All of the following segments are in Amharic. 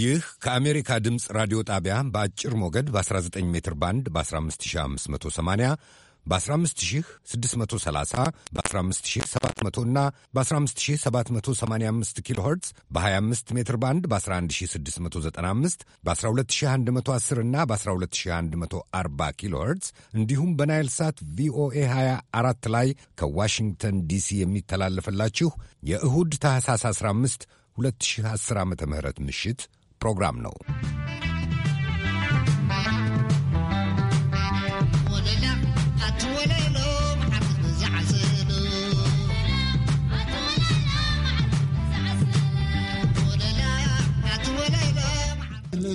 ይህ ከአሜሪካ ድምፅ ራዲዮ ጣቢያ በአጭር ሞገድ በ19 ሜትር ባንድ በ15580 በ15630 በ15700 እና በ15785 ኪሎ በ25 ሜትር ባንድ በ11695 በ12110 እና በ12140 ኪሎ እንዲሁም በናይል ሳት ቪኦኤ 24 ላይ ከዋሽንግተን ዲሲ የሚተላለፍላችሁ የእሁድ ታህሳስ 15 2010 ዓ ም ምሽት ፕሮግራም ነው።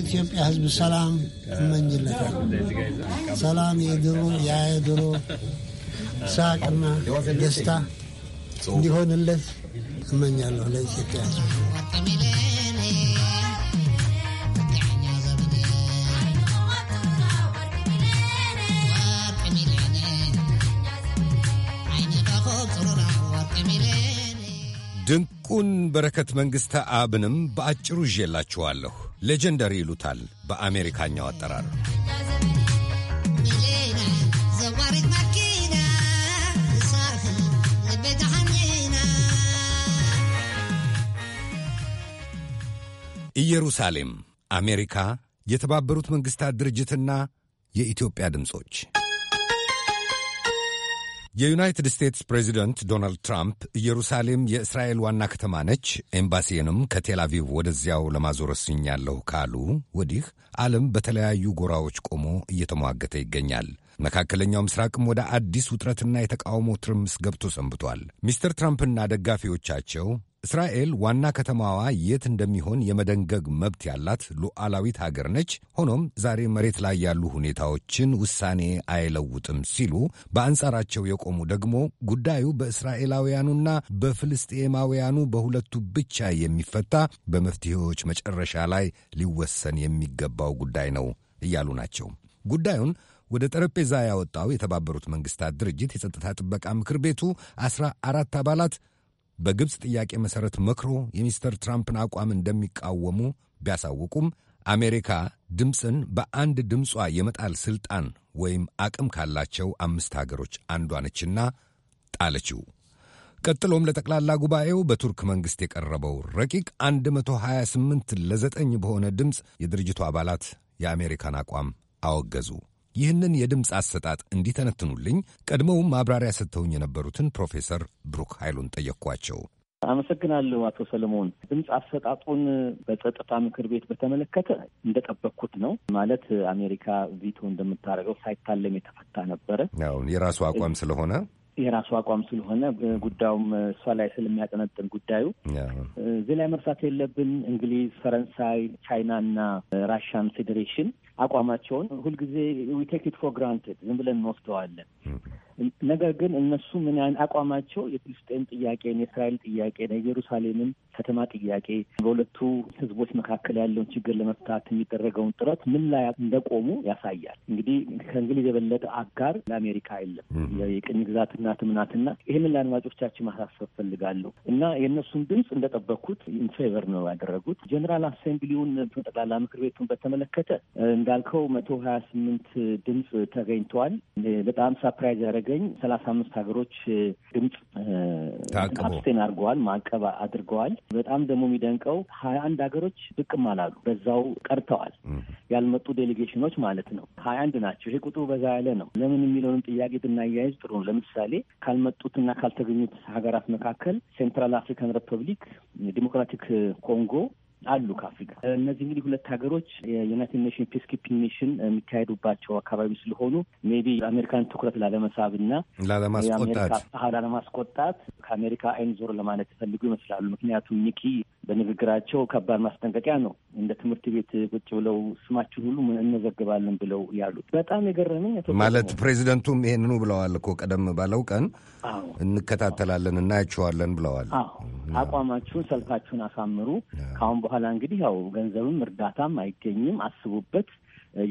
ኢትዮጵያ ሕዝብ ሰላም እመኝለታል። ሰላም የድሮ የድሮ ሳቅና ደስታ እንዲሆንለት እመኛለሁ ለኢትዮጵያ ሕዝብ ድንቁን በረከት መንግሥተ አብንም በአጭሩ ይዤላችኋለሁ። ሌጀንደሪ ይሉታል በአሜሪካኛው አጠራር። ኢየሩሳሌም፣ አሜሪካ፣ የተባበሩት መንግሥታት ድርጅትና የኢትዮጵያ ድምፆች የዩናይትድ ስቴትስ ፕሬዚደንት ዶናልድ ትራምፕ ኢየሩሳሌም የእስራኤል ዋና ከተማ ነች፣ ኤምባሲንም ከቴላቪቭ ወደዚያው ለማዞር ወስኛለሁ ካሉ ወዲህ ዓለም በተለያዩ ጎራዎች ቆሞ እየተሟገተ ይገኛል። መካከለኛው ምስራቅም ወደ አዲስ ውጥረትና የተቃውሞ ትርምስ ገብቶ ሰንብቷል። ሚስተር ትራምፕና ደጋፊዎቻቸው እስራኤል ዋና ከተማዋ የት እንደሚሆን የመደንገግ መብት ያላት ሉዓላዊት ሀገር ነች። ሆኖም ዛሬ መሬት ላይ ያሉ ሁኔታዎችን ውሳኔ አይለውጥም ሲሉ በአንጻራቸው የቆሙ ደግሞ ጉዳዩ በእስራኤላውያኑና በፍልስጤማውያኑ በሁለቱ ብቻ የሚፈታ በመፍትሄዎች መጨረሻ ላይ ሊወሰን የሚገባው ጉዳይ ነው እያሉ ናቸው። ጉዳዩን ወደ ጠረጴዛ ያወጣው የተባበሩት መንግስታት ድርጅት የጸጥታ ጥበቃ ምክር ቤቱ አስራ አራት አባላት በግብፅ ጥያቄ መሠረት መክሮ የሚስተር ትራምፕን አቋም እንደሚቃወሙ ቢያሳውቁም አሜሪካ ድምፅን በአንድ ድምጿ የመጣል ሥልጣን ወይም አቅም ካላቸው አምስት ሀገሮች አንዷ ነችና ጣለችው። ቀጥሎም ለጠቅላላ ጉባኤው በቱርክ መንግሥት የቀረበው ረቂቅ 128 ለ9 በሆነ ድምፅ የድርጅቱ አባላት የአሜሪካን አቋም አወገዙ። ይህንን የድምፅ አሰጣጥ እንዲተነትኑልኝ ቀድሞውም ማብራሪያ ሰጥተውኝ የነበሩትን ፕሮፌሰር ብሩክ ኃይሉን ጠየቅኳቸው። አመሰግናለሁ አቶ ሰለሞን። ድምፅ አሰጣጡን በጸጥታ ምክር ቤት በተመለከተ እንደጠበቅኩት ነው። ማለት አሜሪካ ቪቶ እንደምታደርገው ሳይታለም የተፈታ ነበረ። የራሱ አቋም ስለሆነ የራሱ አቋም ስለሆነ ጉዳዩም እሷ ላይ ስለሚያጠነጥን ጉዳዩ እዚህ ላይ መርሳት የለብን እንግሊዝ፣ ፈረንሳይ፣ ቻይና እና ራሽያን ፌዴሬሽን አቋማቸውን ሁልጊዜ ዊ ቴክ ኢት ፎር ግራንትድ ዝም ብለን እንወስደዋለን። ነገር ግን እነሱ ምን ያን አቋማቸው የፍልስጤም ጥያቄን፣ የእስራኤል ጥያቄን፣ የኢየሩሳሌምን ከተማ ጥያቄ በሁለቱ ህዝቦች መካከል ያለውን ችግር ለመፍታት የሚደረገውን ጥረት ምን ላይ እንደቆሙ ያሳያል። እንግዲህ ከእንግሊዝ የበለጠ አጋር ለአሜሪካ የለም። የቅኝ ግዛትና ትምናትና ይህንን ለአድማጮቻችን ማሳሰብ ፈልጋለሁ እና የእነሱን ድምፅ እንደጠበኩት ኢንፌቨር ነው ያደረጉት። ጀኔራል አሴምብሊውን ጠቅላላ ምክር ቤቱን በተመለከተ እንዳልከው መቶ ሀያ ስምንት ድምፅ ተገኝተዋል። በጣም ሳፕራይዝ ያደረገ ሲዘገኝ ሰላሳ አምስት ሀገሮች ድምፅ አብስቴን አድርገዋል፣ ማዕቀብ አድርገዋል። በጣም ደግሞ የሚደንቀው ሀያ አንድ ሀገሮች ብቅም አላሉ፣ በዛው ቀርተዋል። ያልመጡ ዴሌጌሽኖች ማለት ነው ሀያ አንድ ናቸው። ይሄ ቁጥሩ በዛ ያለ ነው። ለምን የሚለውንም ጥያቄ ብናያይዝ ጥሩ ነው። ለምሳሌ ካልመጡትና ካልተገኙት ሀገራት መካከል ሴንትራል አፍሪካን ሪፐብሊክ፣ ዲሞክራቲክ ኮንጎ አሉ ከአፍሪካ። እነዚህ እንግዲህ ሁለት ሀገሮች የዩናይትድ ኔሽን ፒስ ኪፒንግ ሚሽን የሚካሄዱባቸው አካባቢ ስለሆኑ ሜቢ ቢ አሜሪካን ትኩረት ላለመሳብ እና ላለማስቆጣት ላለማስቆጣት ከአሜሪካ አይን ዞር ለማለት ይፈልጉ ይመስላሉ። ምክንያቱም ኒኪ በንግግራቸው ከባድ ማስጠንቀቂያ ነው። እንደ ትምህርት ቤት ቁጭ ብለው ስማችን ሁሉ እንዘግባለን ብለው ያሉት በጣም የገረመኝ ማለት ፕሬዚደንቱም ይሄንኑ ብለዋል እኮ ቀደም ባለው ቀን እንከታተላለን፣ እናያቸዋለን ብለዋል። አቋማችሁን፣ ሰልፋችሁን አሳምሩ። ከአሁን በኋላ እንግዲህ ያው ገንዘብም እርዳታም አይገኝም፣ አስቡበት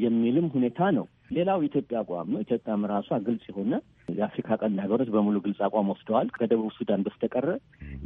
የሚልም ሁኔታ ነው ሌላው ኢትዮጵያ አቋም ነው። ኢትዮጵያም ራሷ ግልጽ የሆነ የአፍሪካ ቀንድ ሀገሮች በሙሉ ግልጽ አቋም ወስደዋል ከደቡብ ሱዳን በስተቀረ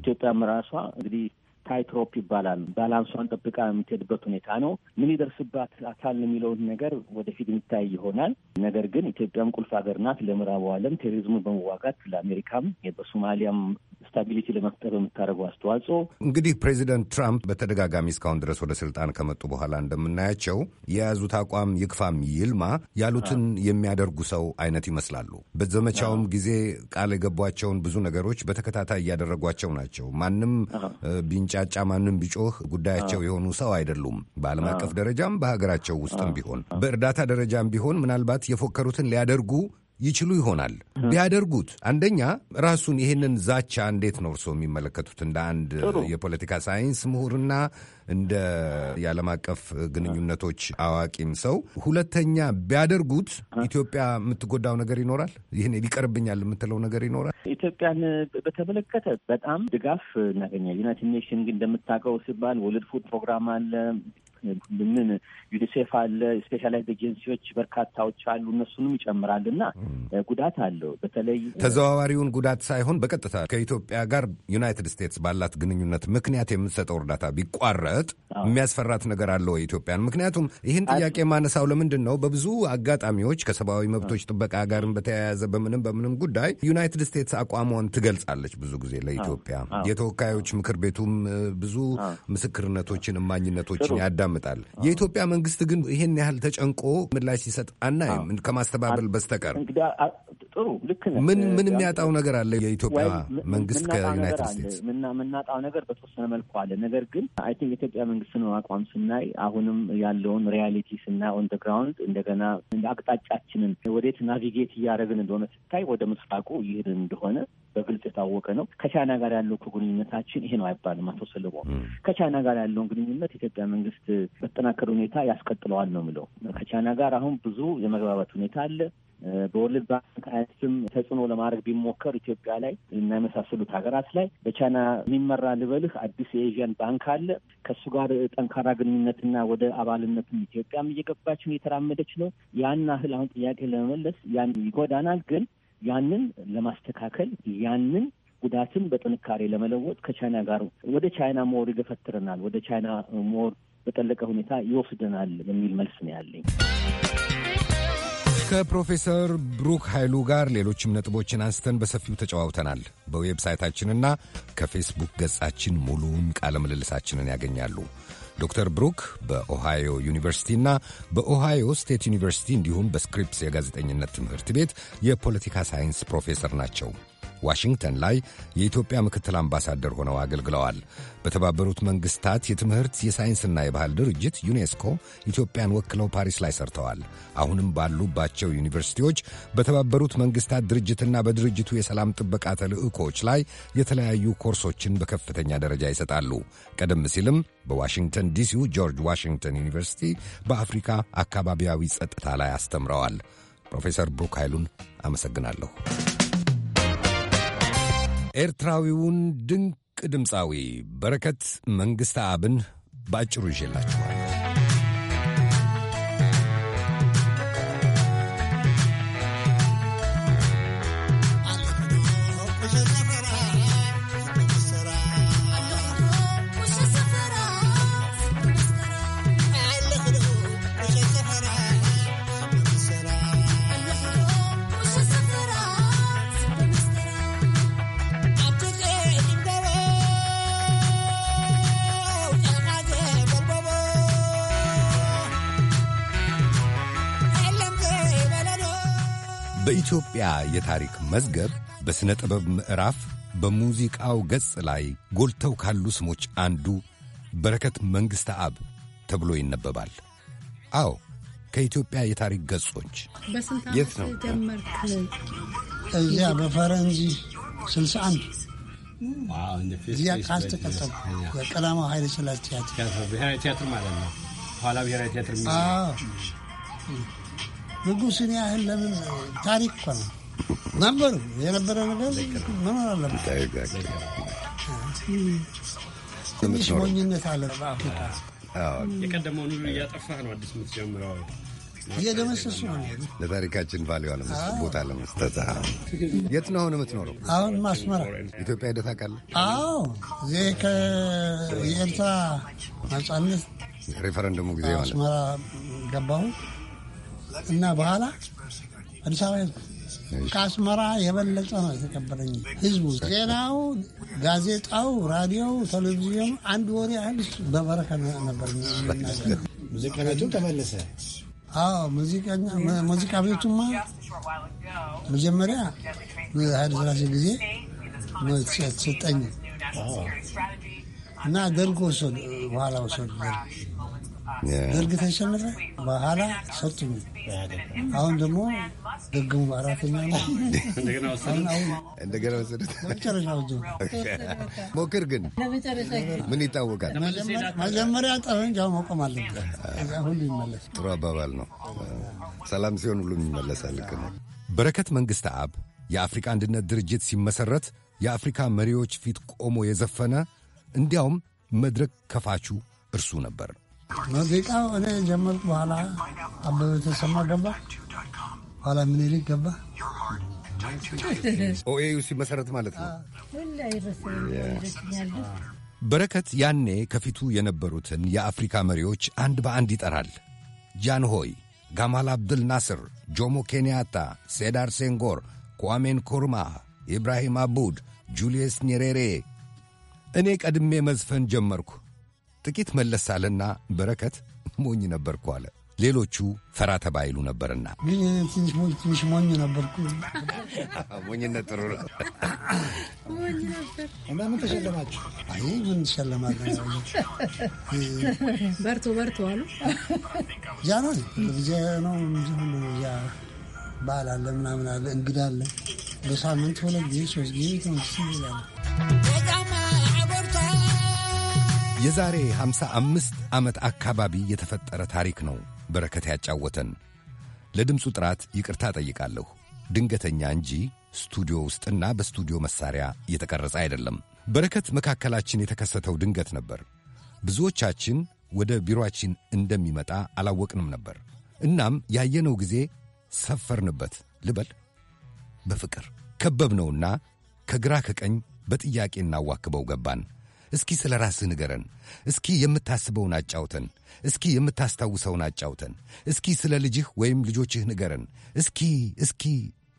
ኢትዮጵያም ራሷ እንግዲህ ታይትሮፕ ይባላል። ባላንሷን ጠብቃ የምትሄድበት ሁኔታ ነው። ምን ይደርስባት አካል የሚለውን ነገር ወደፊት የሚታይ ይሆናል። ነገር ግን ኢትዮጵያም ቁልፍ ሀገር ናት። ለምዕራቡ ዓለም ቴሮሪዝሙን በመዋጋት ለአሜሪካም በሶማሊያም ስታቢሊቲ ለመፍጠር በምታደርገው አስተዋጽኦ እንግዲህ ፕሬዚደንት ትራምፕ በተደጋጋሚ እስካሁን ድረስ ወደ ስልጣን ከመጡ በኋላ እንደምናያቸው የያዙት አቋም ይክፋም ይልማ ያሉትን የሚያደርጉ ሰው አይነት ይመስላሉ። በዘመቻውም ጊዜ ቃል የገቧቸውን ብዙ ነገሮች በተከታታይ እያደረጓቸው ናቸው። ማንም ቢንጫ ቢንጫጫ ማንም ቢጮህ ጉዳያቸው የሆኑ ሰው አይደሉም። በዓለም አቀፍ ደረጃም በሀገራቸው ውስጥም ቢሆን በእርዳታ ደረጃም ቢሆን ምናልባት የፎከሩትን ሊያደርጉ ይችሉ ይሆናል። ቢያደርጉት አንደኛ ራሱን ይህንን ዛቻ እንዴት ነው እርስዎ የሚመለከቱት? እንደ አንድ የፖለቲካ ሳይንስ ምሁርና እንደ የዓለም አቀፍ ግንኙነቶች አዋቂም ሰው፣ ሁለተኛ ቢያደርጉት ኢትዮጵያ የምትጎዳው ነገር ይኖራል? ይህን ሊቀርብኛል የምትለው ነገር ይኖራል? ኢትዮጵያን በተመለከተ በጣም ድጋፍ እናገኛል። ዩናይትድ ኔሽን ግን እንደምታውቀው ሲባል ወልድ ፉድ ፕሮግራም አለ ምን ዩኒሴፍ አለ፣ ስፔሻላይዝ ኤጀንሲዎች በርካታዎች አሉ። እነሱንም ይጨምራል እና ጉዳት አለው። በተለይ ተዘዋዋሪውን ጉዳት ሳይሆን በቀጥታ ከኢትዮጵያ ጋር ዩናይትድ ስቴትስ ባላት ግንኙነት ምክንያት የምትሰጠው እርዳታ ቢቋረጥ የሚያስፈራት ነገር አለ ኢትዮጵያን? ምክንያቱም ይህን ጥያቄ ማነሳው ለምንድን ነው በብዙ አጋጣሚዎች ከሰብአዊ መብቶች ጥበቃ ጋርም በተያያዘ በምንም በምንም ጉዳይ ዩናይትድ ስቴትስ አቋሟን ትገልጻለች ብዙ ጊዜ ለኢትዮጵያ። የተወካዮች ምክር ቤቱም ብዙ ምስክርነቶችን፣ እማኝነቶችን ያዳምጣል። የኢትዮጵያ መንግስት ግን ይህን ያህል ተጨንቆ ምላሽ ሲሰጥ አናይም ከማስተባበል በስተቀር ጥሩ ልክ ነህ። ምን ምን የሚያጣው ነገር አለ? የኢትዮጵያ መንግስት ከዩናይትድ ስቴትስ የምናጣው ነገር በተወሰነ መልኩ አለ። ነገር ግን አይ ቲንክ የኢትዮጵያ መንግስትን አቋም ስናይ አሁንም ያለውን ሪያሊቲ ስናይ ኦን ግራውንድ እንደገና አቅጣጫችንን ወዴት ናቪጌት እያደረግን እንደሆነ ስታይ ወደ ምስራቁ ይሄድን እንደሆነ በግልጽ የታወቀ ነው። ከቻይና ጋር ያለው ግንኙነታችን ይሄ ነው አይባልም። አቶ ሰለሞን ከቻይና ጋር ያለውን ግንኙነት የኢትዮጵያ መንግስት በተጠናከረ ሁኔታ ያስቀጥለዋል ነው የምለው። ከቻይና ጋር አሁን ብዙ የመግባባት ሁኔታ አለ። በወርልድ ባንክ አይነትም ተጽዕኖ ለማድረግ ቢሞከር ኢትዮጵያ ላይ እና የመሳሰሉት ሀገራት ላይ በቻይና የሚመራ ልበልህ አዲስ የኤዥያን ባንክ አለ። ከእሱ ጋር ጠንካራ ግንኙነትና ወደ አባልነትም ኢትዮጵያም እየገባችን እየተራመደች ነው። ያን ያህል አሁን ጥያቄ ለመመለስ ያን ይጎዳናል፣ ግን ያንን ለማስተካከል ያንን ጉዳትን በጥንካሬ ለመለወጥ ከቻይና ጋር ወደ ቻይና ሞር ይገፈትረናል፣ ወደ ቻይና ሞር በጠለቀ ሁኔታ ይወስደናል የሚል መልስ ነው ያለኝ። ከፕሮፌሰር ብሩክ ኃይሉ ጋር ሌሎችም ነጥቦችን አንስተን በሰፊው ተጨዋውተናል። በዌብሳይታችንና ከፌስቡክ ገጻችን ሙሉውን ቃለ ምልልሳችንን ያገኛሉ። ዶክተር ብሩክ በኦሃዮ ዩኒቨርሲቲና በኦሃዮ ስቴት ዩኒቨርሲቲ እንዲሁም በስክሪፕስ የጋዜጠኝነት ትምህርት ቤት የፖለቲካ ሳይንስ ፕሮፌሰር ናቸው። ዋሽንግተን ላይ የኢትዮጵያ ምክትል አምባሳደር ሆነው አገልግለዋል። በተባበሩት መንግስታት የትምህርት የሳይንስና የባህል ድርጅት ዩኔስኮ ኢትዮጵያን ወክለው ፓሪስ ላይ ሰርተዋል። አሁንም ባሉባቸው ዩኒቨርሲቲዎች በተባበሩት መንግስታት ድርጅትና በድርጅቱ የሰላም ጥበቃ ተልዕኮች ላይ የተለያዩ ኮርሶችን በከፍተኛ ደረጃ ይሰጣሉ። ቀደም ሲልም በዋሽንግተን ዲሲው ጆርጅ ዋሽንግተን ዩኒቨርሲቲ በአፍሪካ አካባቢያዊ ጸጥታ ላይ አስተምረዋል። ፕሮፌሰር ብሩክ ኃይሉን አመሰግናለሁ። ኤርትራዊውን ድንቅ ድምፃዊ በረከት መንግሥተ አብን በአጭሩ ይዤላችኋል። በኢትዮጵያ የታሪክ መዝገብ በሥነ ጥበብ ምዕራፍ በሙዚቃው ገጽ ላይ ጎልተው ካሉ ስሞች አንዱ በረከት መንግሥተ አብ ተብሎ ይነበባል። አዎ ከኢትዮጵያ የታሪክ ገጾች የት ነው እዚያ በፈረንጂ 61 እዚያ ቃል ተቀጠሉ ኃይለ ሥላሴ ቲያትር ማለት ነው። ኋላ ብሔራዊ ቲያትር ንጉስን ያህል ለምን ታሪክ እኮ ነው ነበሩ የነበረ ነገር መኖር አለበት። ትንሽ ሞኝነት አለ የቀደመውን ሁሉ እያጠፋህ ነው አዲስ የምትጀምረው እየደመሰሱ ነው። ለታሪካችን ቫሊዋ ቦታ ለመስጠት የት ነው አሁን የምትኖረው? አሁን ማስመራ ኢትዮጵያ ሂደት አውቃለሁ። አዎ ዜ ከኤርትራ ነጻነት ሬፈረንደሙ ጊዜ አስመራ ገባሁ። እና በኋላ አዲስ አበባ ከአስመራ የበለጠ ነው የተቀበለኝ ህዝቡ። ዜናው፣ ጋዜጣው፣ ራዲዮው፣ ቴሌቪዥኑ አንድ ወር ያህል በበረከ ነበር የሚናገር። ሙዚቃ ቤቱ ተመለሰ። አዎ ሙዚቃ ቤቱማ መጀመሪያ ኃይለ ሥላሴ ጊዜ ሰጠኝ እና ደርግ ወሰዱ፣ በኋላ ወሰዱ ደርግ በእርግጥ ተሸነፈ። በኋላ ሰጡኝ። አሁን ደግሞ ደግሙ አራተኛ ነው። እንደገና መጨረሻው ሞክር ግን ምን ይታወቃል። መጀመሪያ ጠመንጃው መቆም አለበት። ሁሉ ይመለስ። ጥሩ አባባል ነው። ሰላም ሲሆን ሁሉም ይመለሳል። ልክ ነው። በረከት መንግሥተ አብ የአፍሪካ አንድነት ድርጅት ሲመሠረት የአፍሪካ መሪዎች ፊት ቆሞ የዘፈነ እንዲያውም መድረክ ከፋቹ እርሱ ነበር። ሙዚቃ እኔ ጀመርኩ። በኋላ አበበ ተሰማ ገባ፣ በኋላ ምኒልክ ገባ። ኦኤዩ ሲመሰረት ማለት ነው። በረከት ያኔ ከፊቱ የነበሩትን የአፍሪካ መሪዎች አንድ በአንድ ይጠራል። ጃንሆይ፣ ጋማል አብድል ናስር፣ ጆሞ ኬንያታ፣ ሴዳር ሴንጎር፣ ኳሜን ኩርማ፣ ኢብራሂም አቡድ፣ ጁልየስ ኔሬሬ። እኔ ቀድሜ መዝፈን ጀመርኩ። ጥቂት መለስ አለና በረከት ሞኝ ነበርኩ አለ። ሌሎቹ ፈራ ተባይሉ ነበርና ትንሽ ሞኝ ነበርኩ። ሞኝነት ጥሩ ነው። ተሸለማችሁ? አይ ምን ትሸለማለን? በርቶ በርቶ አሉ። ነው ጊዜ ነው ሁሉ በዓል አለ ምናምን አለ እንግዳ አለ። በሳምንት ሁለት ጊዜ ሶስት ጊዜ ተመስ ይላል የዛሬ 55 ዓመት አካባቢ የተፈጠረ ታሪክ ነው በረከት ያጫወተን። ለድምፁ ጥራት ይቅርታ ጠይቃለሁ። ድንገተኛ እንጂ ስቱዲዮ ውስጥና በስቱዲዮ መሳሪያ እየተቀረጸ አይደለም። በረከት መካከላችን የተከሰተው ድንገት ነበር። ብዙዎቻችን ወደ ቢሮአችን እንደሚመጣ አላወቅንም ነበር። እናም ያየነው ጊዜ ሰፈርንበት ልበል፣ በፍቅር ከበብነውና ከግራ ከቀኝ በጥያቄ እናዋክበው ገባን። እስኪ ስለ ራስህ ንገረን። እስኪ የምታስበውን አጫውተን። እስኪ የምታስታውሰውን አጫውተን። እስኪ ስለ ልጅህ ወይም ልጆችህ ንገረን። እስኪ እስኪ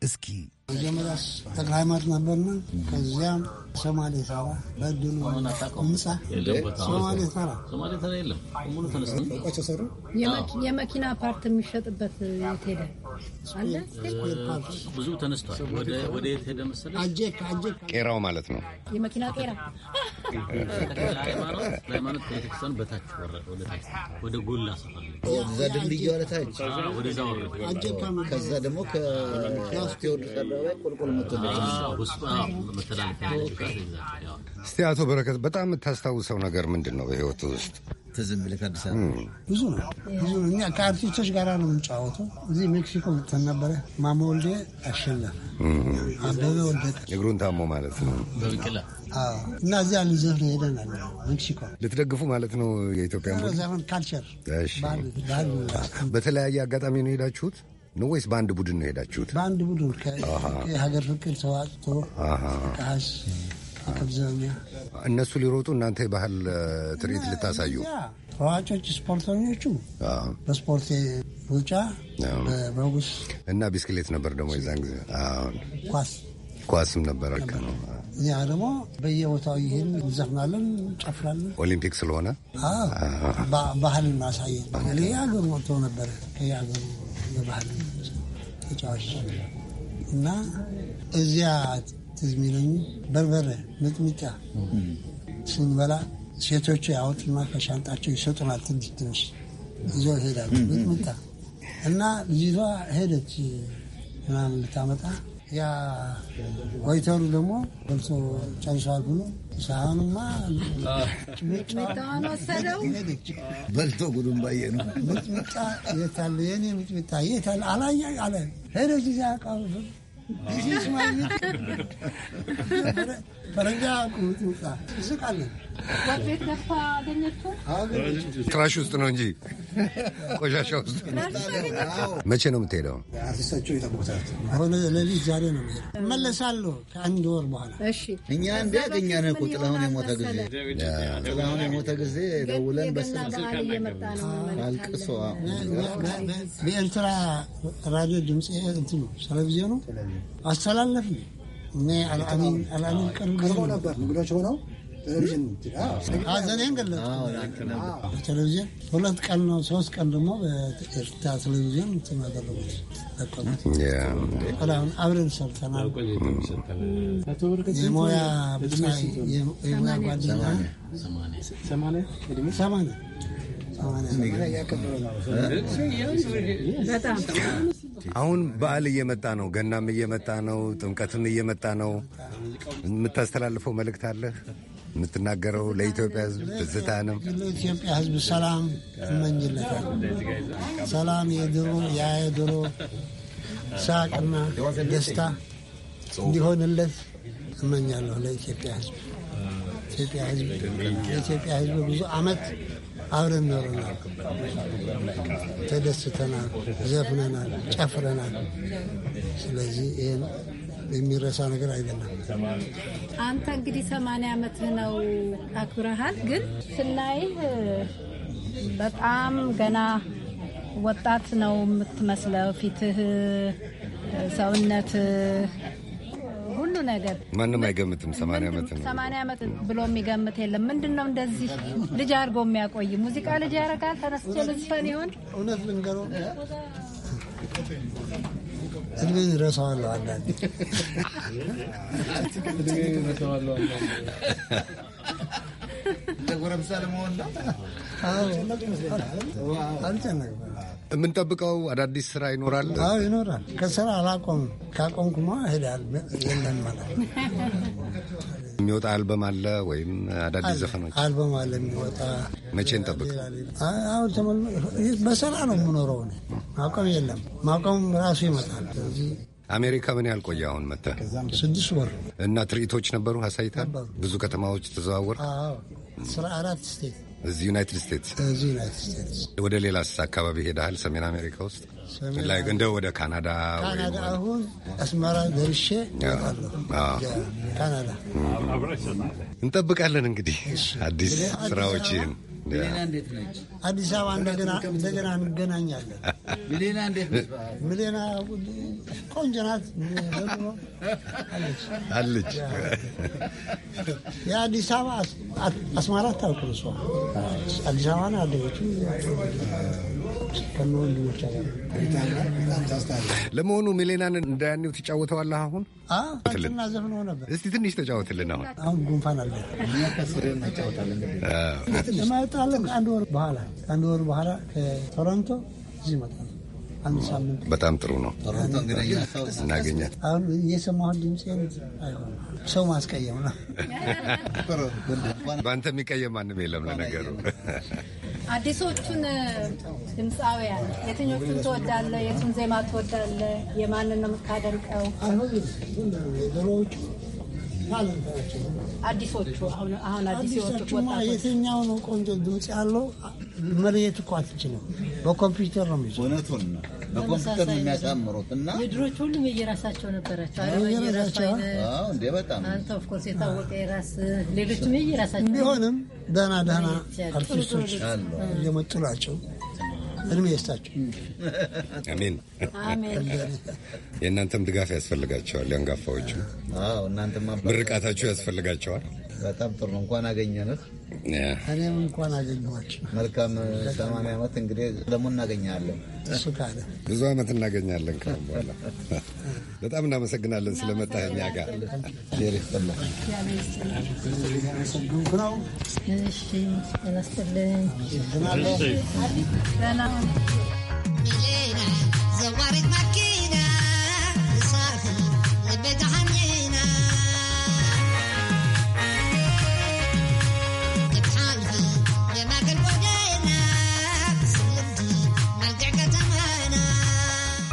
እስኪ መጀመሪያ ተክለ ሃይማኖት ነበርና ከዚያም ሶማሌ ተራ በድሉ ምጻ ሶማሌ ተራ የመኪና ፓርት የሚሸጥበት የት ሄደ? ብዙ ተነስቷል። ወደ የት ሄደ መሰለሽ? ቄራው ማለት ነው የመኪና ቄራ ሃይማኖት ቤተክርስቲያን በታች ወረደ፣ ወደ ጎላ ሰፈር ወደዛ ድልድዩ ታች፣ ወደዛ ወረደ። ከዛ ደግሞ ቁልቁል መተላለፊያ። እስቲ አቶ በረከት በጣም የምታስታውሰው ነገር ምንድን ነው በህይወት ውስጥ? ከአዲስ አበባ ብዙ ነው ብዙ ነው። እኛ ከአርቲስቶች ጋር ነው የምንጫወተው። እዚህ ሜክሲኮ እንትን ነበረ ማሞ ወልዴ አሸነፈ፣ አበበ እግሩን ታሞ ማለት ነው እና እዚያ ልንዘፍን ሄደናል። ሜክሲኮ ልትደግፉ ማለት ነው የኢትዮጵያ ዘፈን ካልቸር በተለያየ አጋጣሚ ነው ሄዳችሁት ነው ወይስ በአንድ ቡድን ነው ሄዳችሁት? በአንድ ቡድን ከሀገር ፍቅር ተዋጽቶ ቃስ አብዛኛው እነሱ ሊሮጡ እናንተ የባህል ትርኢት ልታሳዩ ሯጮች ስፖርተኞቹ በስፖርት ሩጫ በጉስ እና ቢስክሌት ነበር ደግሞ የዛን ጊዜ ኳስ ኳስም ነበር ልክ ነው። እኛ ደግሞ በየቦታው ይህን እንዘፍናለን፣ እንጨፍራለን። ኦሊምፒክ ስለሆነ ባህልን ማሳየት ሀገር ወጥቶ ነበረ ከየሀገሩ የባህል ተጫዋች እና እዚያ ትዝ የሚለኝ በርበሬ፣ ሚጥሚጣ ስንበላ ሴቶቹ ያወጡና ከሻንጣቸው ይሰጡናል። ትንሽ ትንሽ ይዞ ይሄዳል ሚጥሚጣ እና ልጅቷ ሄደች ምናምን ልታመጣ ያ ወይተሩ ደግሞ በልቶ ጨርሷል ብሎ ሳህኑማ በልቶ ጉዱም ባየ ነው። ሚጥሚጣ የታለ የኔ ሚጥሚጣ የት አለ? አላየ አለ ሄደች እዚያ ዲዚዝ ማለት በረንጋ ቁምት ትራሽ ውስጥ ነው እንጂ ቆሻሻ ውስጥ መቼ ነው የምትሄደው? አርቲስታቸው ይጠብቁታል። አሁን ሌሊት ዛሬ ነው እመለሳለሁ ከአንድ ወር በኋላ። እኛ እንደ ያገኛን እኮ ጥላሁን የሞተ ጊዜ ጥላሁን የሞተ ጊዜ ደውለን በስልክ በኤርትራ ራዲዮ ድምፅ እንትን ቴሌቪዥኑ አስተላለፍ እኔ አልአሚን ቅርብ ነበር ምግዶች ሆነው በቴሌቪዥን ሁለት ቀን ነው ሶስት ቀን ደግሞ በኤርትራ ቴሌቪዥን አብረን ሰርተናል። የሙያ የሙያ ጓደኛ ሰማንያ አሁን በዓል እየመጣ ነው፣ ገናም እየመጣ ነው፣ ጥምቀትም እየመጣ ነው። የምታስተላልፈው መልእክት አለህ? የምትናገረው ለኢትዮጵያ ሕዝብ ትዝታ ነው። ለኢትዮጵያ ሕዝብ ሰላም እመኝለታል። ሰላም የድሮ የድሮ ሳቅና ደስታ እንዲሆንለት እመኛለሁ። ለኢትዮጵያ ሕዝብ ኢትዮጵያ ሕዝብ ብዙ አመት አብረን ኖረናል፣ ተደስተናል፣ ዘፍነናል፣ ጨፍረናል። ስለዚህ ይህን የሚረሳ ነገር አይደለም። አንተ እንግዲህ ሰማንያ ዓመት ነው አክብረሃል። ግን ስናይህ በጣም ገና ወጣት ነው የምትመስለው። ፊትህ፣ ሰውነት ሁሉ ነገር ማንም አይገምትም። ሰማንያ ዓመት ነው ሰማንያ ዓመት ብሎ የሚገምት የለም። ምንድን ነው እንደዚህ ልጅ አድርጎ የሚያቆይ ሙዚቃ ልጅ ያደርጋል። ተነስቼ ልዝፈን ይሆን እውነት ልንገረው እድሜን እረሳዋለሁ አንዳንዴ ጎረምሳ አልጨነቅም። የምንጠብቀው አዳዲስ ስራ ይኖራል? አዎ ይኖራል። ከስራ አላቆም ካቆምኩማ እሄዳለሁ የለን ማለት የሚወጣ አልበም አለ ወይም አዳዲስ ዘፈኖች አልበም አለ የሚወጣ መቼ እንጠብቅ? አሁን በስራ ነው የምኖረው። ማቆም የለም ማቆም ራሱ ይመጣል። አሜሪካ ምን ያህል ቆየ? አሁን መተ ስድስት ወር እና ትርኢቶች ነበሩ አሳይታል። ብዙ ከተማዎች ተዘዋወር ስራ አራት ስቴት እዚህ ዩናይትድ ስቴትስ እዚህ ዩናይትድ ስቴትስ። ወደ ሌላስ አካባቢ ሄደሃል? ሰሜን አሜሪካ ውስጥ ላይ እንደ ወደ ካናዳ ካናዳ፣ አሁን አስመራ ደርሼ ካናዳ እንጠብቃለን። እንግዲህ አዲስ ስራዎችን ሚሌና እንዴት ነች? አዲስ አበባ እንደገና እንደገና እንገናኛለን። ሚሌና እንዴት ነች? ሚሌና ቆንጆ ናት አለች። የአዲስ አበባ አስማራ ታውቁ እሷ አዲስ አበባ ነው ያደገችው። ልጆች ለመሆኑ ሚሌናን እንዳያኔው ትጫወተዋለህ? አሁን ትና ዘፍኖ ነበር። እስቲ ትንሽ ተጫወትልን። አሁን አሁን ጉንፋን አለ አንድ ወር በኋላ ከአንድ ወር በኋላ ከቶሮንቶ እዚህ ይመጣል። አንድ ሳምንት በጣም ጥሩ ነው። እናገኛት አሁን እየሰማሁ ድምፄን ሰው ማስቀየም ነው። በአንተ የሚቀየም ማንም የለም። ለነገሩ አዲሶቹን ድምፃውያን የትኞቹን ትወዳለህ? የቱን ዜማ ትወዳለህ? የማንን ነው የምታደንቀው? አዲሶቹ አሁን የትኛው ነው ቆንጆ ድምፅ ያለው? መለየት እኮ አትችልም። በኮምፒውተር ነው እውነቱን በኮምፒውተር ነው የሚያሳምሩት። እና የድሮች ሁሉም የየራሳቸው ነበራቸው። የራሳቸው እንዴ! በጣም አንተ ኦፍኮርስ የታወቀ የራስ ሌሎችም የየራሳቸው ቢሆንም ደህና ደህና አርቲስቶች እየመጡ ናቸው። እድሜ ይስጣቸው። አሜን። የእናንተም ድጋፍ ያስፈልጋቸዋል። የአንጋፋዎቹ ምርቃታችሁ ያስፈልጋቸዋል። በጣም ጥሩ እንኳን አገኘንህ። እኔም እንኳን አገኘኋቸው። መልካም ሰማንያ ዓመት እንግዲህ ደግሞ እናገኛለን። እሱ ካለ ብዙ ዓመት እናገኛለን። ከአሁን በኋላ በጣም እናመሰግናለን ስለመጣህ እኛ ጋር ሪፍጠላ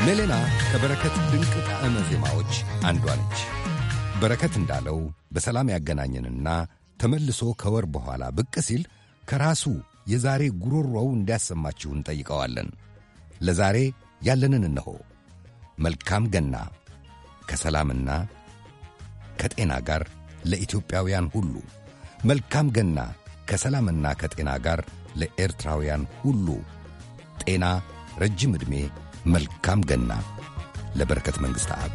ሜሌና ከበረከት ድንቅ ጣዕመ ዜማዎች አንዷ ነች። በረከት እንዳለው በሰላም ያገናኘንና ተመልሶ ከወር በኋላ ብቅ ሲል ከራሱ የዛሬ ጉሮሮው እንዲያሰማችሁ እንጠይቀዋለን። ለዛሬ ያለንን እነሆ። መልካም ገና ከሰላምና ከጤና ጋር ለኢትዮጵያውያን ሁሉ፣ መልካም ገና ከሰላምና ከጤና ጋር ለኤርትራውያን ሁሉ። ጤና፣ ረጅም ዕድሜ መልካም ገና ለበረከት መንግስት አብ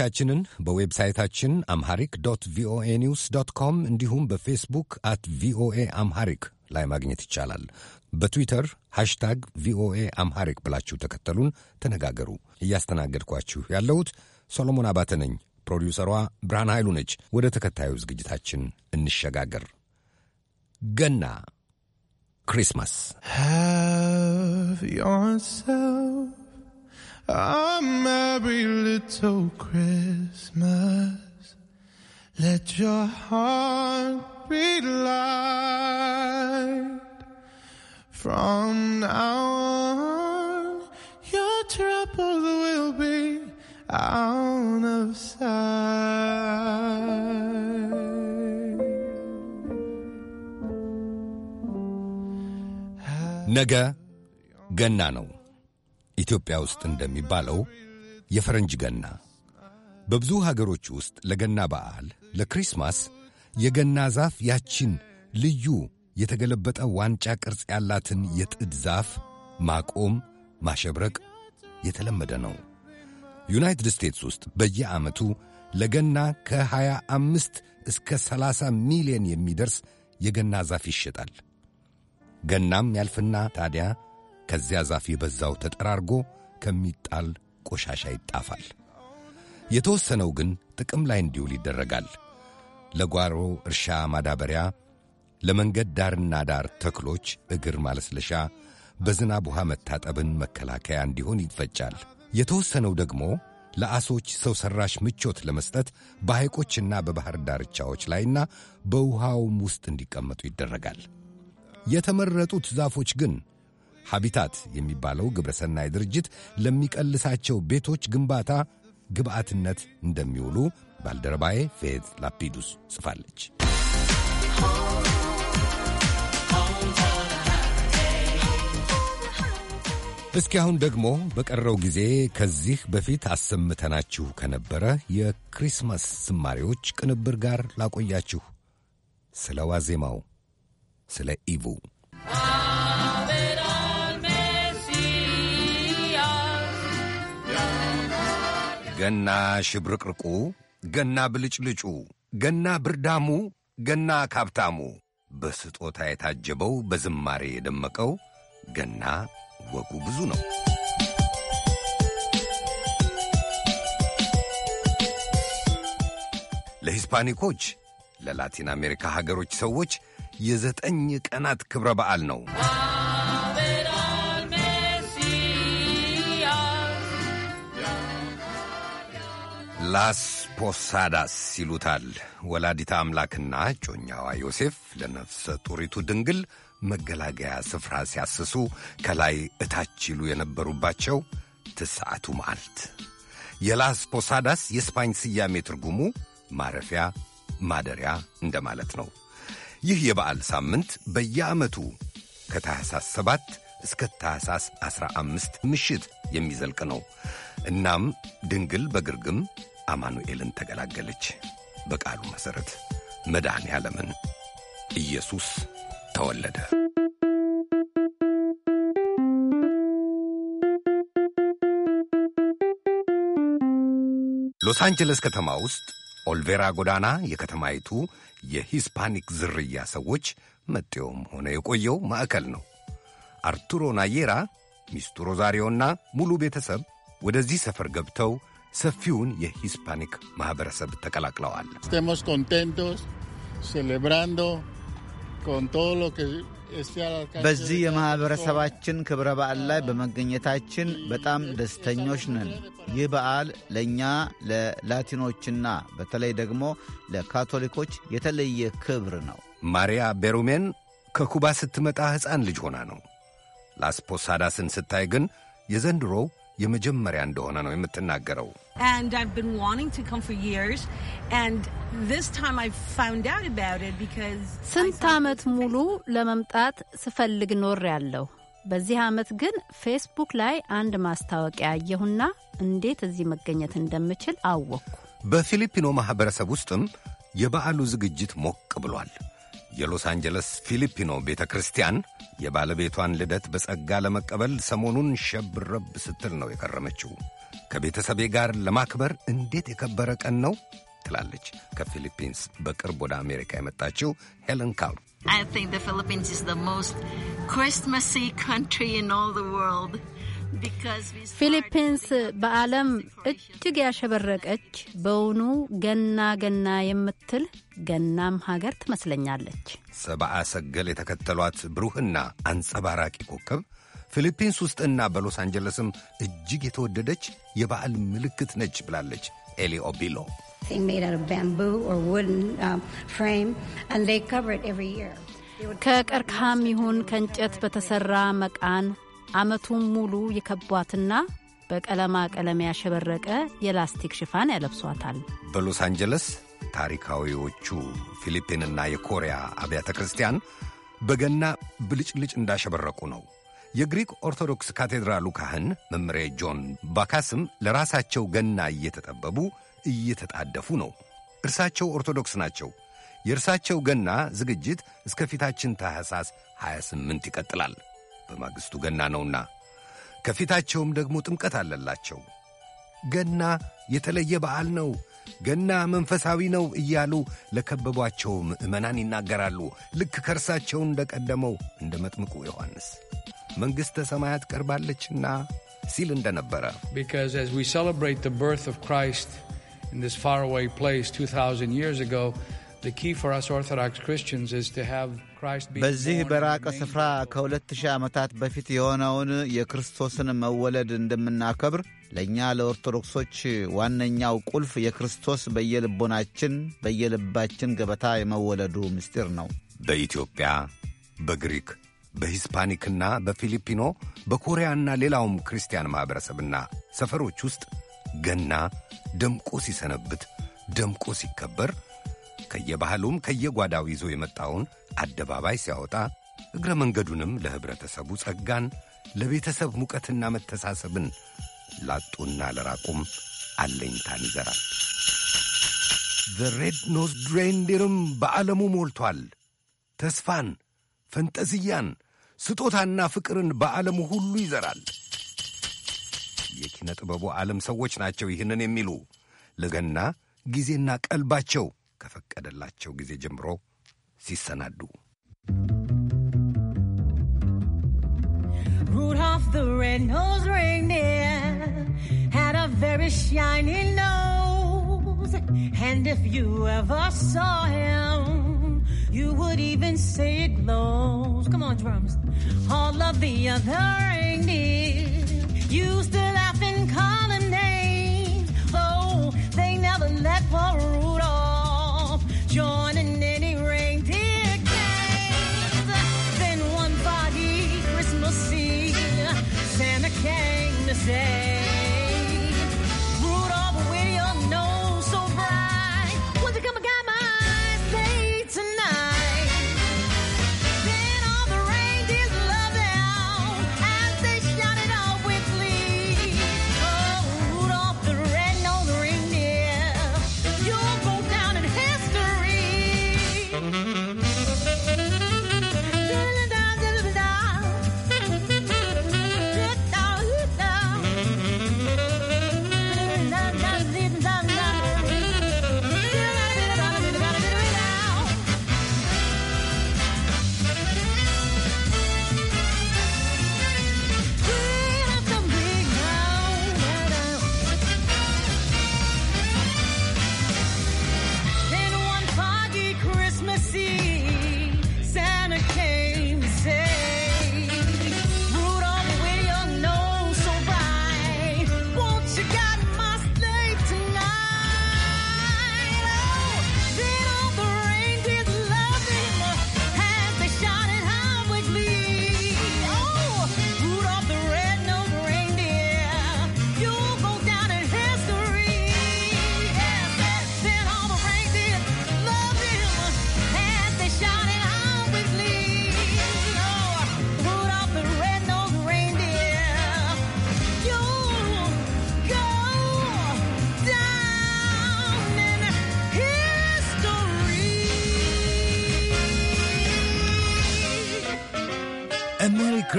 ዝግጅቶቻችንን በዌብሳይታችን አምሃሪክ ዶት ቪኦኤ ኒውስ ዶት ኮም እንዲሁም በፌስቡክ አት ቪኦኤ አምሃሪክ ላይ ማግኘት ይቻላል። በትዊተር ሃሽታግ ቪኦኤ አምሃሪክ ብላችሁ ተከተሉን፣ ተነጋገሩ። እያስተናገድኳችሁ ያለሁት ሰሎሞን አባተ ነኝ። ፕሮዲውሰሯ ብርሃን ኃይሉ ነች። ወደ ተከታዩ ዝግጅታችን እንሸጋገር። ገና ክሪስማስ on Merry Little Christmas. Let your heart be light. From now on, your troubles will be out of sight. Naga ganano. ኢትዮጵያ ውስጥ እንደሚባለው የፈረንጅ ገና በብዙ ሀገሮች ውስጥ ለገና በዓል ለክሪስማስ የገና ዛፍ ያችን ልዩ የተገለበጠ ዋንጫ ቅርጽ ያላትን የጥድ ዛፍ ማቆም ማሸብረቅ የተለመደ ነው። ዩናይትድ ስቴትስ ውስጥ በየዓመቱ ለገና ከ25 እስከ 30 ሚሊዮን የሚደርስ የገና ዛፍ ይሸጣል። ገናም ያልፍና ታዲያ ከዚያ ዛፍ የበዛው ተጠራርጎ ከሚጣል ቆሻሻ ይጣፋል። የተወሰነው ግን ጥቅም ላይ እንዲውል ይደረጋል። ለጓሮ እርሻ ማዳበሪያ፣ ለመንገድ ዳርና ዳር ተክሎች እግር ማለስለሻ፣ በዝናብ ውሃ መታጠብን መከላከያ እንዲሆን ይፈጫል። የተወሰነው ደግሞ ለአሶች ሰው ሠራሽ ምቾት ለመስጠት በሐይቆችና በባሕር ዳርቻዎች ላይና በውሃውም ውስጥ እንዲቀመጡ ይደረጋል። የተመረጡት ዛፎች ግን ሀቢታት የሚባለው ግብረሰናይ ድርጅት ለሚቀልሳቸው ቤቶች ግንባታ ግብአትነት እንደሚውሉ ባልደረባዬ ፌት ላፒዱስ ጽፋለች። እስኪ አሁን ደግሞ በቀረው ጊዜ ከዚህ በፊት አሰምተናችሁ ከነበረ የክሪስማስ ዝማሬዎች ቅንብር ጋር ላቆያችሁ ስለ ዋዜማው ስለ ኢቡ ገና ሽብርቅርቁ፣ ገና ብልጭልጩ፣ ገና ብርዳሙ፣ ገና ካብታሙ፣ በስጦታ የታጀበው በዝማሬ የደመቀው ገና ወጉ ብዙ ነው። ለሂስፓኒኮች ለላቲን አሜሪካ ሀገሮች ሰዎች የዘጠኝ ቀናት ክብረ በዓል ነው። ላስ ፖሳዳስ ይሉታል። ወላዲታ አምላክና ጮኛዋ ዮሴፍ ለነፍሰ ጡሪቱ ድንግል መገላገያ ስፍራ ሲያስሱ ከላይ እታች ይሉ የነበሩባቸው ትስዓቱ መዓልት። የላስ ፖሳዳስ የስፓኝ ስያሜ ትርጉሙ ማረፊያ፣ ማደሪያ እንደማለት ነው። ይህ የበዓል ሳምንት በየዓመቱ ከታሕሳስ 7 እስከ ታሕሳስ 15 ምሽት የሚዘልቅ ነው። እናም ድንግል በግርግም አማኑኤልን ተገላገለች። በቃሉ መሠረት መድኃኔ ዓለምን ኢየሱስ ተወለደ። ሎስ አንጀለስ ከተማ ውስጥ ኦልቬራ ጎዳና የከተማይቱ የሂስፓኒክ ዝርያ ሰዎች መጤውም ሆነ የቆየው ማዕከል ነው። አርቱሮ ናየራ ሚስቱ ሮዛሪዮና ሙሉ ቤተሰብ ወደዚህ ሰፈር ገብተው ሰፊውን የሂስፓኒክ ማኅበረሰብ ተቀላቅለዋል። በዚህ የማኅበረሰባችን ክብረ በዓል ላይ በመገኘታችን በጣም ደስተኞች ነን። ይህ በዓል ለእኛ ለላቲኖችና በተለይ ደግሞ ለካቶሊኮች የተለየ ክብር ነው። ማሪያ ቤሩሜን ከኩባ ስትመጣ ሕፃን ልጅ ሆና ነው። ላስፖሳዳስን ስታይ ግን የዘንድሮው የመጀመሪያ እንደሆነ ነው የምትናገረው። ስንት ዓመት ሙሉ ለመምጣት ስፈልግ ኖር ያለው በዚህ ዓመት ግን ፌስቡክ ላይ አንድ ማስታወቂያ አየሁና እንዴት እዚህ መገኘት እንደምችል አወቅኩ። በፊሊፒኖ ማኅበረሰብ ውስጥም የበዓሉ ዝግጅት ሞቅ ብሏል። የሎስ አንጀለስ ፊሊፒኖ ቤተ ክርስቲያን የባለቤቷን ልደት በጸጋ ለመቀበል ሰሞኑን ሸብረብ ስትል ነው የከረመችው። ከቤተሰቤ ጋር ለማክበር እንዴት የከበረ ቀን ነው ትላለች ከፊሊፒንስ በቅርብ ወደ አሜሪካ የመጣችው ሄለን ካሉ I think the Philippines is the most Christmassy country in all the world. ፊሊፒንስ በዓለም እጅግ ያሸበረቀች በውኑ ገና ገና የምትል ገናም ሀገር ትመስለኛለች። ሰብአ ሰገል የተከተሏት ብሩህና አንጸባራቂ ኮከብ ፊሊፒንስ ውስጥና በሎስ አንጀለስም እጅግ የተወደደች የበዓል ምልክት ነች ብላለች ኤሊ ኦቢሎ። um, ከቀርከሃም ይሁን ከእንጨት በተሠራ መቃን ዓመቱን ሙሉ የከቧትና በቀለማ ቀለም ያሸበረቀ የላስቲክ ሽፋን ያለብሷታል። በሎስ አንጀለስ ታሪካዊዎቹ ፊሊፒንና የኮሪያ አብያተ ክርስቲያን በገና ብልጭልጭ እንዳሸበረቁ ነው። የግሪክ ኦርቶዶክስ ካቴድራሉ ካህን መምሬ ጆን ባካስም ለራሳቸው ገና እየተጠበቡ እየተጣደፉ ነው። እርሳቸው ኦርቶዶክስ ናቸው። የእርሳቸው ገና ዝግጅት እስከ ፊታችን ታህሳስ 28 ይቀጥላል። በማግስቱ ገና ነውና፣ ከፊታቸውም ደግሞ ጥምቀት አለላቸው። ገና የተለየ በዓል ነው፣ ገና መንፈሳዊ ነው እያሉ ለከበቧቸው ምዕመናን ይናገራሉ። ልክ ከእርሳቸው እንደ ቀደመው እንደ መጥምቁ ዮሐንስ መንግሥተ ሰማያት ቀርባለችና ሲል እንደነበረ because as we celebrate the birth of Christ in this faraway place 2000 years ago በዚህ በራቀ ስፍራ ከሁለት ሺህ ዓመታት በፊት የሆነውን የክርስቶስን መወለድ እንደምናከብር ለእኛ ለኦርቶዶክሶች ዋነኛው ቁልፍ የክርስቶስ በየልቦናችን በየልባችን ገበታ የመወለዱ ምስጢር ነው። በኢትዮጵያ፣ በግሪክ፣ በሂስፓኒክና በፊሊፒኖ በኮሪያና ሌላውም ክርስቲያን ማኅበረሰብና ሰፈሮች ውስጥ ገና ደምቆ ሲሰነብት ደምቆ ሲከበር ከየባህሉም ከየጓዳው ይዞ የመጣውን አደባባይ ሲያወጣ እግረ መንገዱንም ለኅብረተሰቡ ጸጋን፣ ለቤተሰብ ሙቀትና መተሳሰብን፣ ላጡና ለራቁም አለኝታን ይዘራል። ሬድ ኖዝድ ሬንዴርም በዓለሙ ሞልቷል። ተስፋን፣ ፈንጠዝያን፣ ስጦታና ፍቅርን በዓለሙ ሁሉ ይዘራል። የኪነ ጥበቡ ዓለም ሰዎች ናቸው ይህንን የሚሉ ለገና ጊዜና ቀልባቸው ከፈቀደላቸው ጊዜ ጀምሮ ሲሰናዱ Rudolph the red-nosed reindeer had a very shiny nose and if you ever saw him You would even say it glows. Come on, drums. All of the other reindeer used to laugh and call him names. Oh, they never let one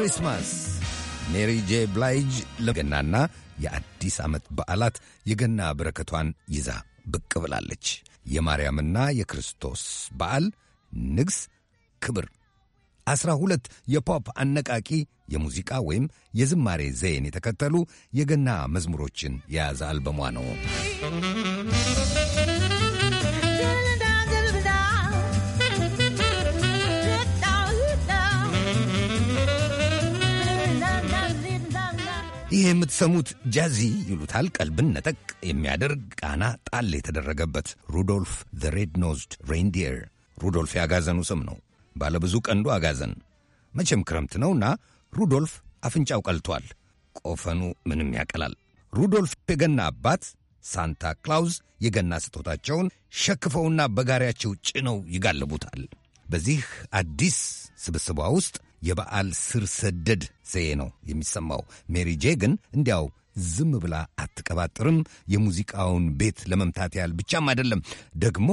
ክሪስማስ ሜሪ ጄ ብላይጅ ለገናና የአዲስ ዓመት በዓላት የገና በረከቷን ይዛ ብቅ ብላለች። የማርያምና የክርስቶስ በዓል ንግሥ ክብር ዐሥራ ሁለት የፖፕ አነቃቂ የሙዚቃ ወይም የዝማሬ ዘይን የተከተሉ የገና መዝሙሮችን የያዘ አልበሟ ነው። ይህ የምትሰሙት ጃዚ ይሉታል። ቀልብን ነጠቅ የሚያደርግ ቃና ጣል የተደረገበት ሩዶልፍ ዘ ሬድ ኖዝድ ሬንዲየር። ሩዶልፍ የአጋዘኑ ስም ነው። ባለብዙ ቀንዱ አጋዘን። መቼም ክረምት ነውና ሩዶልፍ አፍንጫው ቀልቷል። ቆፈኑ ምንም ያቀላል። ሩዶልፍ የገና አባት ሳንታ ክላውዝ የገና ስጦታቸውን ሸክፈውና በጋሪያቸው ጭነው ይጋልቡታል። በዚህ አዲስ ስብስቧ ውስጥ የበዓል ስር ሰደድ ዘዬ ነው የሚሰማው። ሜሪ ጄ ግን እንዲያው ዝም ብላ አትቀባጥርም። የሙዚቃውን ቤት ለመምታት ያህል ብቻም አይደለም፣ ደግሞ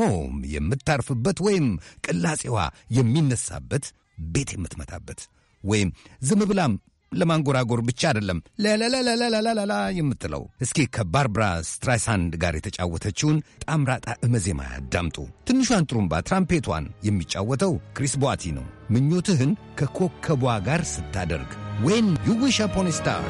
የምታርፍበት ወይም ቅላጼዋ የሚነሳበት ቤት የምትመታበት ወይም ዝም ብላም ለማንጎራጎር ብቻ አይደለም ለለለለለለላ የምትለው። እስኪ ከባርብራ ስትራይሳንድ ጋር የተጫወተችውን ጣምራጣ እመዜማ ያዳምጡ። ትንሿን ጥሩምባ ትራምፔቷን የሚጫወተው ክሪስ ቧቲ ነው። ምኞትህን ከኮከቧ ጋር ስታደርግ ዌን ዩ ዊሽ አፖን ስታር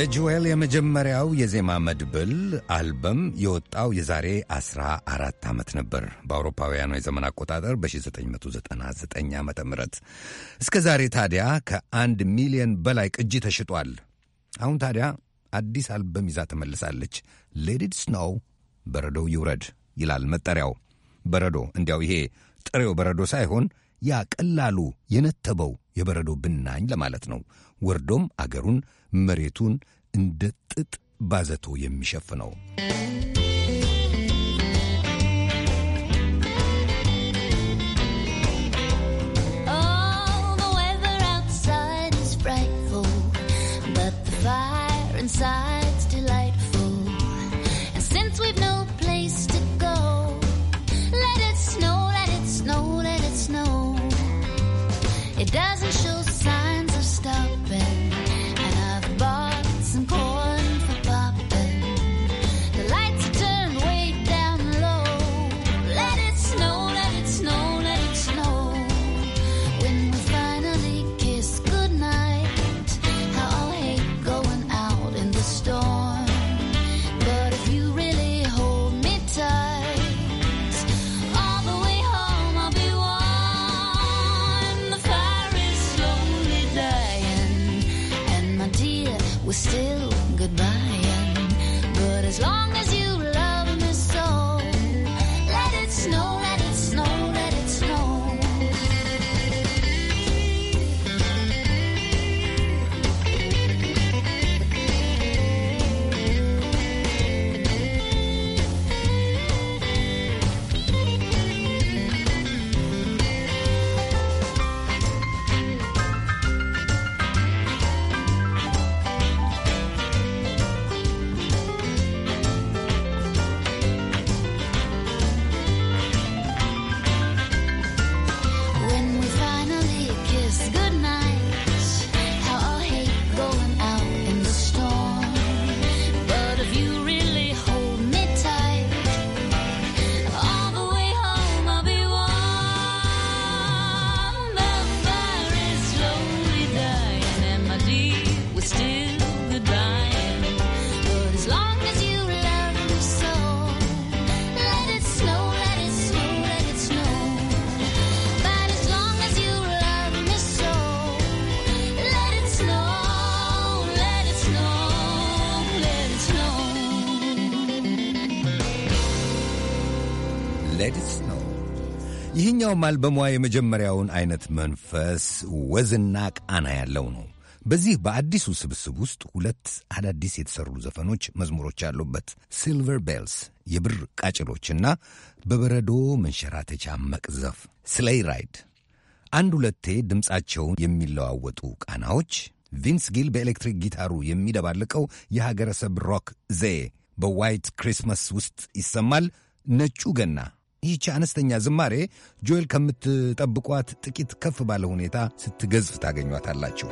የጁዌል የመጀመሪያው የዜማ መድብል አልበም የወጣው የዛሬ 14 ዓመት ነበር በአውሮፓውያኑ የዘመን አቆጣጠር በ1999 ዓ ም እስከ ዛሬ ታዲያ ከአንድ ሚሊዮን በላይ ቅጂ ተሽጧል። አሁን ታዲያ አዲስ አልበም ይዛ ተመልሳለች። ሌዲድ ስኖው በረዶው ይውረድ ይላል መጠሪያው። በረዶ እንዲያው ይሄ ጥሬው በረዶ ሳይሆን ያ ቀላሉ የነተበው የበረዶ ብናኝ ለማለት ነው። ወርዶም አገሩን መሬቱን እንደ ጥጥ ባዘቶ የሚሸፍነው side የትኛውም አልበሟ የመጀመሪያውን አይነት መንፈስ ወዝና ቃና ያለው ነው። በዚህ በአዲሱ ስብስብ ውስጥ ሁለት አዳዲስ የተሰሩ ዘፈኖች፣ መዝሙሮች ያሉበት ሲልቨር ቤልስ የብር ቃጭሎችና በበረዶ መንሸራተቻ መቅዘፍ፣ ስሌይ ራይድ፣ አንድ ሁለቴ ድምፃቸውን የሚለዋወጡ ቃናዎች፣ ቪንስ ጊል በኤሌክትሪክ ጊታሩ የሚደባልቀው የሀገረሰብ ሮክ ዘዬ በዋይት ክሪስማስ ውስጥ ይሰማል። ነጩ ገና ይህቺ አነስተኛ ዝማሬ ጆኤል ከምትጠብቋት ጥቂት ከፍ ባለ ሁኔታ ስትገዝፍ ታገኟታላችሁ።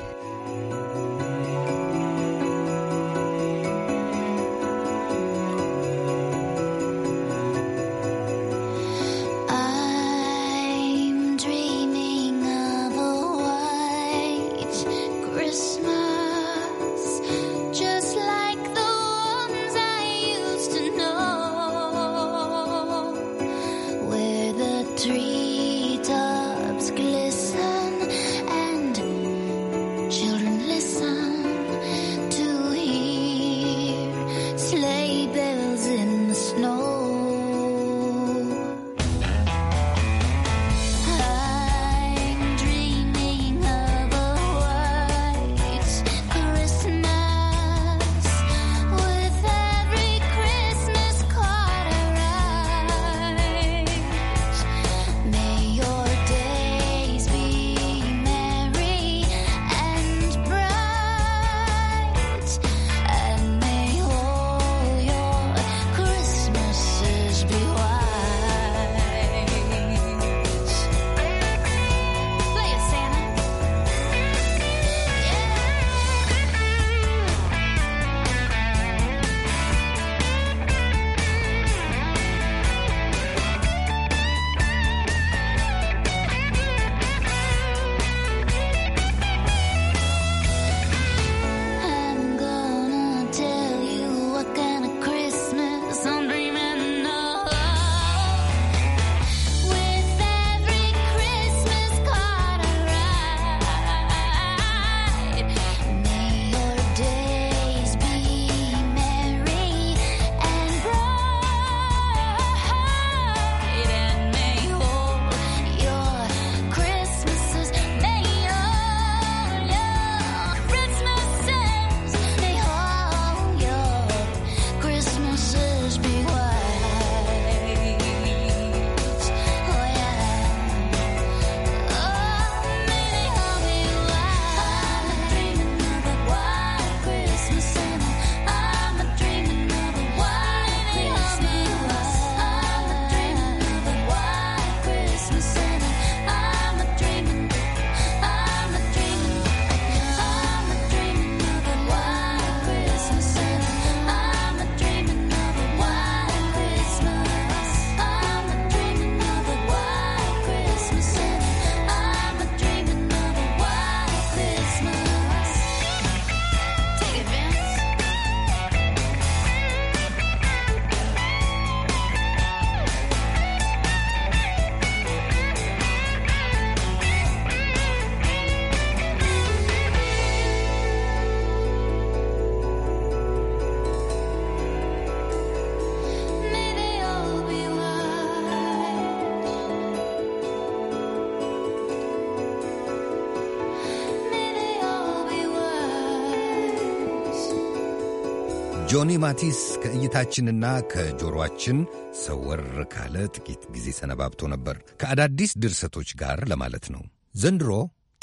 ጆኒ ማቲስ ከእይታችንና ከጆሮአችን ሰወር ካለ ጥቂት ጊዜ ሰነባብቶ ነበር ከአዳዲስ ድርሰቶች ጋር ለማለት ነው። ዘንድሮ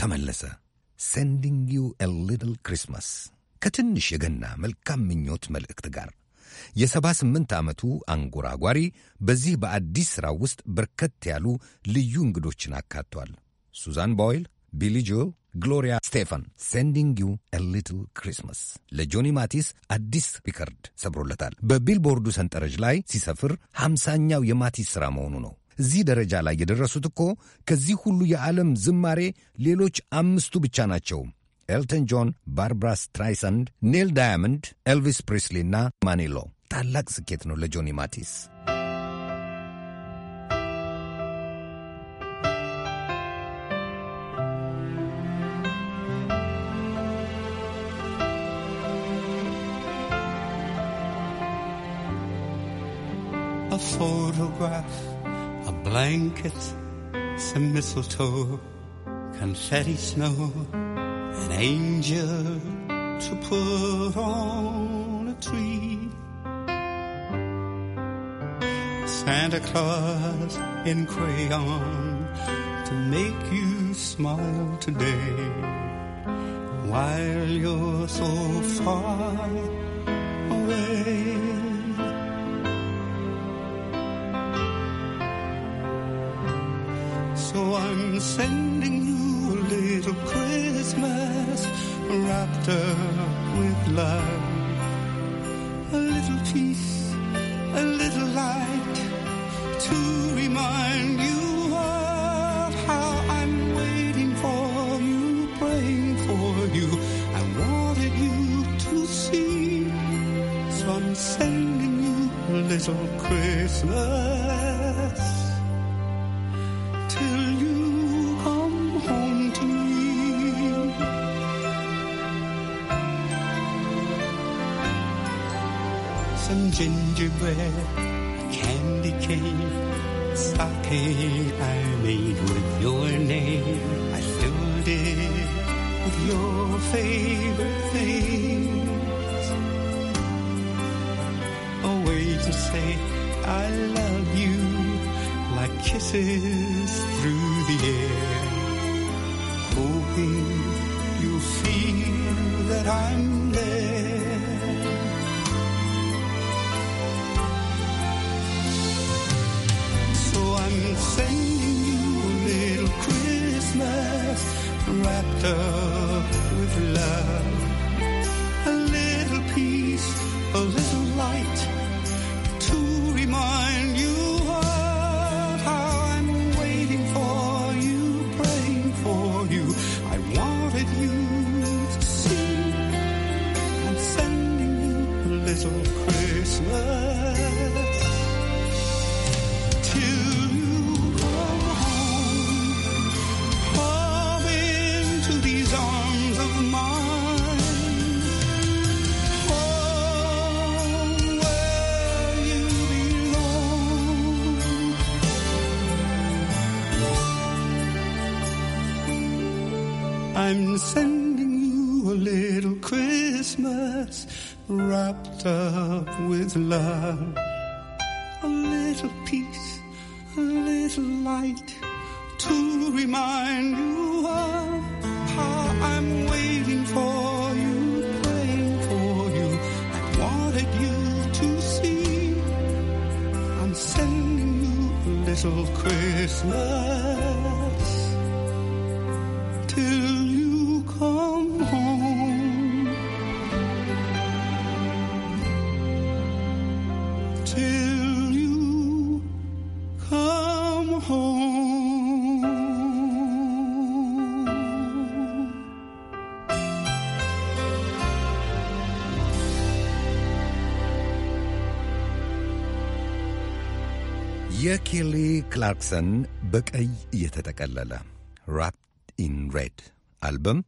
ተመለሰ። ሴንዲንግ ዩ ኤ ሊትል ክሪስማስ ከትንሽ የገና መልካም ምኞት መልእክት ጋር የሰባ ስምንት ዓመቱ አንጎራጓሪ በዚህ በአዲስ ሥራ ውስጥ በርከት ያሉ ልዩ እንግዶችን አካቷል። ሱዛን ቦይል፣ ቢሊ ጆል ግሎሪያ ስቴፈን ሴንዲንግ ዩ ሊትል ክሪስማስ ለጆኒ ማቲስ አዲስ ሪከርድ ሰብሮለታል። በቢልቦርዱ ሰንጠረዥ ላይ ሲሰፍር ሀምሳኛው የማቲስ ሥራ መሆኑ ነው። እዚህ ደረጃ ላይ የደረሱት እኮ ከዚህ ሁሉ የዓለም ዝማሬ ሌሎች አምስቱ ብቻ ናቸው። ኤልተን ጆን፣ ባርብራ ስትራይሰንድ፣ ኔል ዳያመንድ፣ ኤልቪስ ፕሪስሊ እና ማኒሎ። ታላቅ ስኬት ነው ለጆኒ ማቲስ። photograph, a blanket, some mistletoe, confetti snow, an angel to put on a tree. Santa Claus in crayon to make you smile today while you're so far sending you a little Christmas wrapped up with love. A little peace, a little light to remind you of how I'm waiting for you, praying for you. I wanted you to see, so I'm sending you a little Christmas. gingerbread, a candy cane, stocking I made with your name. I filled it with your favorite things. A way to say I love you like kisses through the air. Hoping you feel that I'm there sending you a little Christmas wrapped up. wrapped up with love. A little peace, a little light to remind you of how I'm waiting for you, praying for you. I wanted you to see. I'm sending you a little Christmas. ክላርክሰን በቀይ እየተጠቀለለ ራፕድ ኢን ሬድ አልበም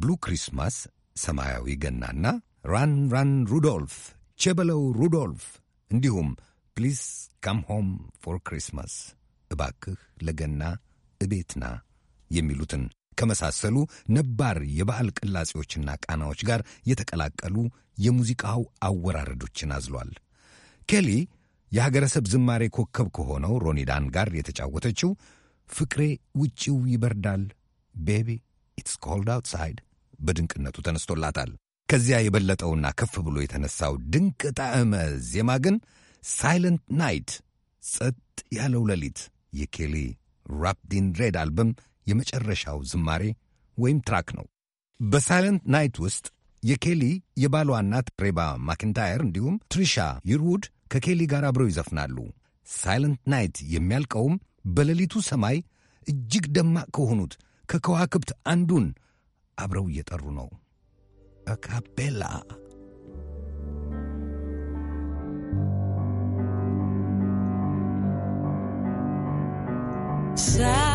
ብሉ ክሪስማስ፣ ሰማያዊ ገናና ራን ራን ሩዶልፍ፣ ቸበለው ሩዶልፍ እንዲሁም ፕሊዝ ካም ሆም ፎር ክሪስማስ እባክህ ለገና እቤትና የሚሉትን ከመሳሰሉ ነባር የበዓል ቅላጼዎችና ቃናዎች ጋር የተቀላቀሉ የሙዚቃው አወራረዶችን አዝሏል። ኬሊ የሀገረሰብ ዝማሬ ኮከብ ከሆነው ሮኒዳን ጋር የተጫወተችው ፍቅሬ ውጪው ይበርዳል ቤቢ ኢትስ ኮልድ አውትሳይድ በድንቅነቱ ተነስቶላታል። ከዚያ የበለጠውና ከፍ ብሎ የተነሳው ድንቅ ጣዕመ ዜማ ግን ሳይለንት ናይት ጸጥ ያለው ሌሊት የኬሊ ራፕዲን ሬድ አልበም የመጨረሻው ዝማሬ ወይም ትራክ ነው። በሳይለንት ናይት ውስጥ የኬሊ የባሏ እናት ሬባ ማኪንታየር እንዲሁም ትሪሻ ይርውድ ከኬሊ ጋር አብረው ይዘፍናሉ። ሳይለንት ናይት የሚያልቀውም በሌሊቱ ሰማይ እጅግ ደማቅ ከሆኑት ከከዋክብት አንዱን አብረው እየጠሩ ነው አካፔላ Sad.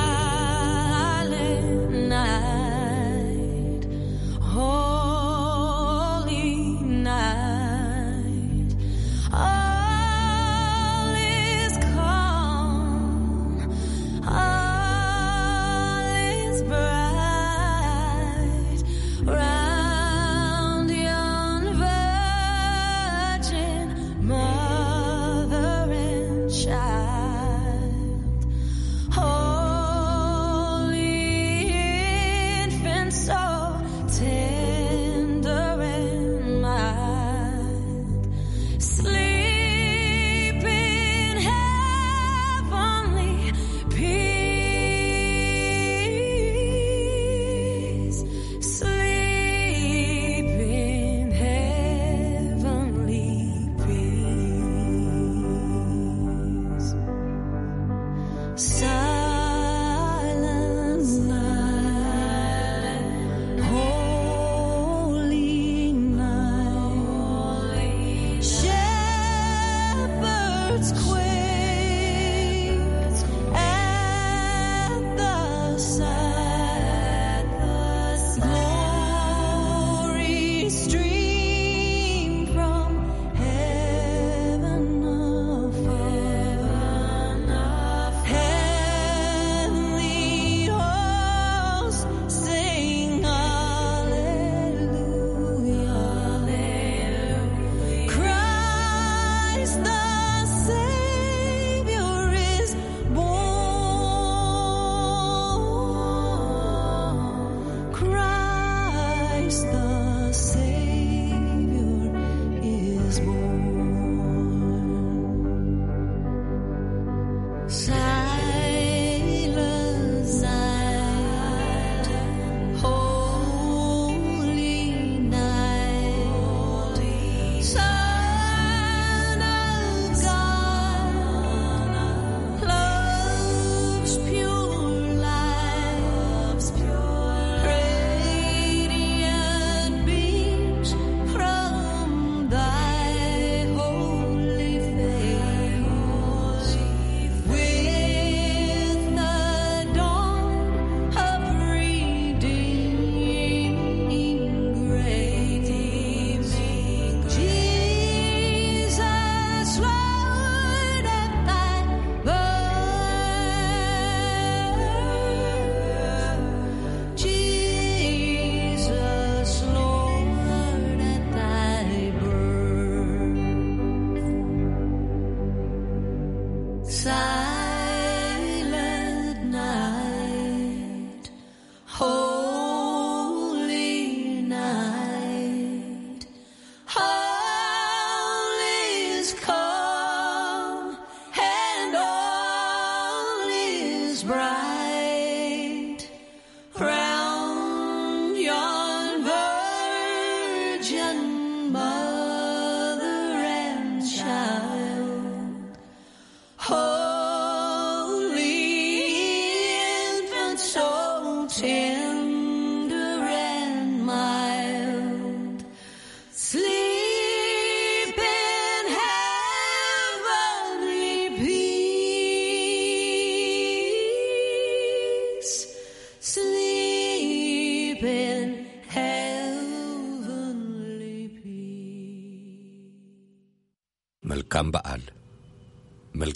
So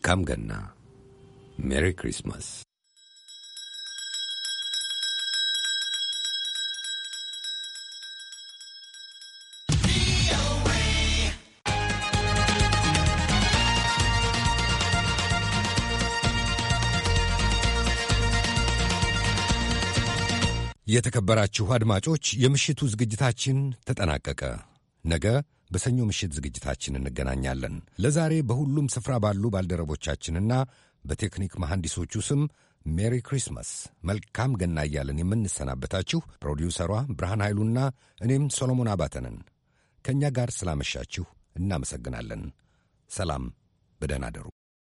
መልካም ገና፣ ሜሪ ክሪስማስ። የተከበራችሁ አድማጮች፣ የምሽቱ ዝግጅታችን ተጠናቀቀ። ነገ በሰኞ ምሽት ዝግጅታችን እንገናኛለን። ለዛሬ በሁሉም ስፍራ ባሉ ባልደረቦቻችንና በቴክኒክ መሐንዲሶቹ ስም ሜሪ ክሪስማስ፣ መልካም ገና እያለን የምንሰናበታችሁ ፕሮዲውሰሯ ብርሃን ኃይሉና እኔም ሶሎሞን አባተንን ከእኛ ጋር ስላመሻችሁ እናመሰግናለን። ሰላም፣ በደህና አደሩ።